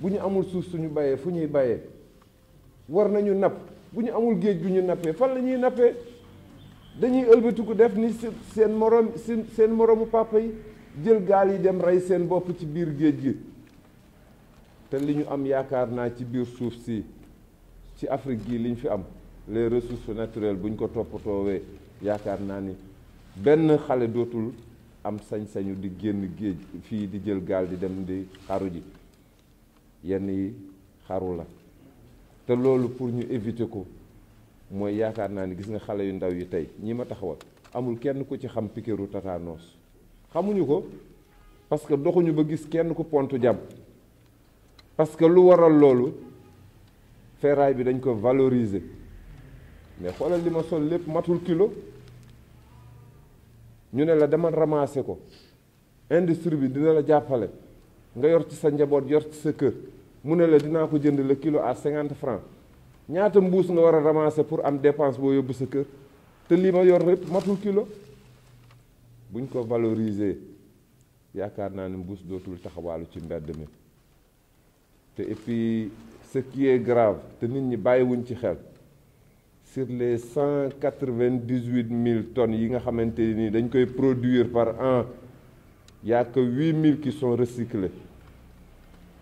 bu ñu amul suuf suñu bayee fu ñuy bayee war nañu napp bu ñu amul géej gu ñu nappee fan lañuy nappee dañuy ëlbatiku def ni seen morom seen moromu papa yi jël gaal yi dem rey seen bopp ci biir géej gi te li ñu am yaakaar naa ci biir suuf si ci Afrique gii li ñu fi am les ressources naturelles bu ñu ko toppatoowee yaakaar naa ni benn xale dootul am sañ-sañu di génn géej fii di jël gaal di dem di xaru ji yenn yi xaru la te loolu pour ñu éviter ko mooy yaakaar naa ni gis nga xale yu ndaw yi tey ñii ma taxawal amul kenn ku ci xam piqûru tétanos xamuñu ko parce que doxuñu ba gis kenn ku pontu jàmm parce que lu waral loolu feeraay bi dañ ko valoriser mais xoolal li ma sol lépp matul kilo ñu ne la demal ramasser ko industrie bi dina la jàppale nga yor ci sa njaboot yor ci sa kër mu ne la dinaa ko jënd le kilo à 50 francs ñaata mbuus nga war a ramasser pour am dépense boo yóbbu sa kër te li ma yor lépp matul kilo buñ ko valoriser yaakaar naa ne mbuus dootul taxawaalu ci mbedd mi te et puis ce qui est grave te nit ñi bàyyiwuñ ci xel sur les cent quatre-vingt-dix-huit mille tonnes yi nga xamante ni dañ koy produire par an y a que huit mille qui sont recyclés.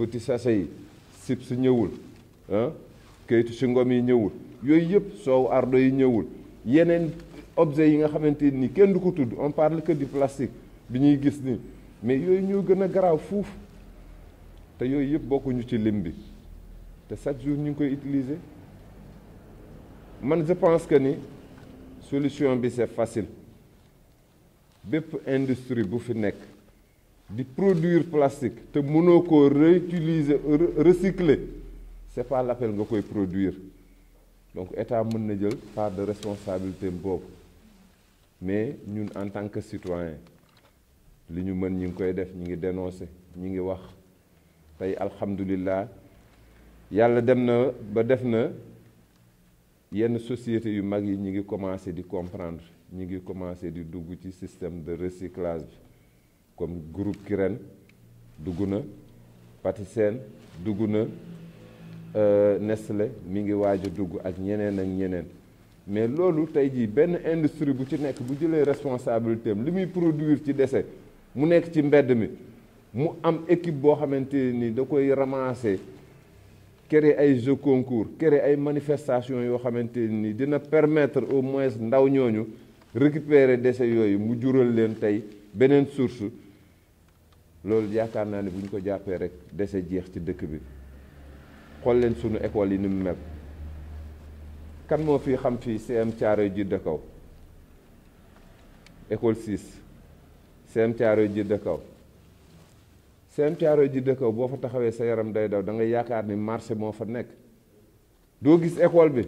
petit sachet yi sip si ñëwul ah kayitu si ngom yi ñëwul yooyu yëpp soow ardo yi ñëwul yeneen objet yi nga xamante ni kenn du ko tudd on parle que du plastique bi ñuy gis ni mais yooyu ñoo gën a garaaw fuuf te yooyu yëpp bokkuñu ci lim bi te chaque jour ñu ngi koy utiliser man je pense que ni solution bi c'est facile bépp industrie bu fi nekk De produire plastique te monoco réutiliser recycler c'est pas l'appel nga produire donc état mën na pas de responsabilité bob. mais nous, en tant que citoyen li ñu nous ñi ngi koy def ñi ngi dénoncer ñi ngi wax tey alhamdulillah yàlla a na ba def na yenn société yu mag yi ñi ngi commencer di comprendre ñi ngi commencer di dugg ci système de recyclage comme groupe ki ren dugg na Patisen dugg na euh, Nestlé mi ngi waaj a dugg ak ñeneen ak ñeneen mais loolu tey jii benn industrie bu ci nekk bu responsabilité am li produit produire ci déchet mu nekk ci mbedd mi mu am équipe boo xamante ni da koy ramasser créer ay jeux concours créer ay manifestations yoo xamante ni dina permettre au moins ndaw ñooñu récupérer déchets yooyu mu jural leen tey beneen source loolu yaakaar naa ne bu ñu ko jàppee rek dese jeex ci dëkk bi xool leen sunu école yi ni mu mel kan moo fi xam fii CM Thiaroye Jidda Kaw école 6 CM Thiaroye Jidda Kaw CM Thiaroye jidd Kaw boo fa taxawee sa yaram day daw da nga yaakaar ni marché moo fa nekk doo gis école bi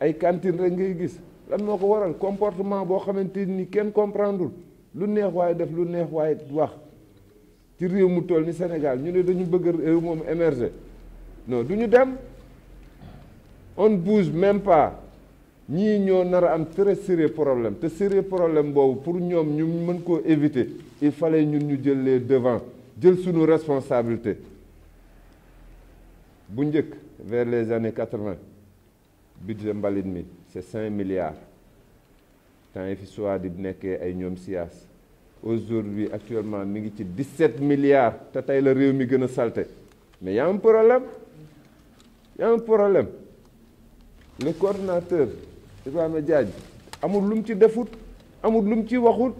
ay cantine rek ngay gis lan moo ko waral comportement boo xamante ni kenn comprendreul lu neex waaye def lu neex waaye wax ci réew mu toll ni Sénégal ñu ne dañu bëgg réew moom émerger non du ñu dem on bouge même pas ñii ñoo nar am très sérieux problème te sérieux problème boobu pour nous, ñu mën koo éviter il fallait ñun ñu jël les devant, jël suñu responsabilité bu njëkk vers les années 80. budget mbalit mi c'est 5 milliards temps yi fi soit di nekkee ay ñoom siyaas aujourd'hui actuellement mi ngi ci 17 milliards te tey la réew mi gën a salte mais y a un problème y a un problème le coordinateur Ibrahima Diagne amul lu mu ci defut amul lu mu ci waxut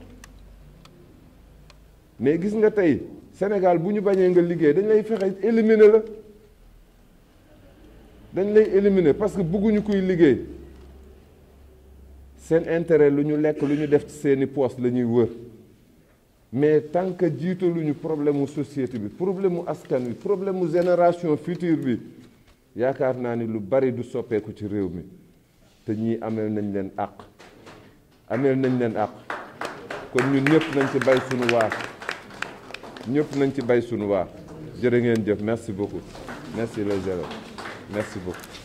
mais gis nga tey Sénégal bu ñu bañee nga liggéey dañ lay fexee élimine la dañ lay élimine parce que bëgguñu kuy liggéey seen intérêt lu ñu lekk lu ñu def ci seeni poste la ñuy wër mais tant que jiitaluñu problème mu société bi problème mu askan bi problème mu génération future bi yaakaar naa ni lu bari du soppeeku ci réew mi te ñii ameel nañ leen àq ameel nañ leen àq kon ñun ñëpp nañ ci bay sunu waar ñëpp nañ ci bay sunu waar jërë ngeen jëf merci beaucoup merci les élèves merci beaucoup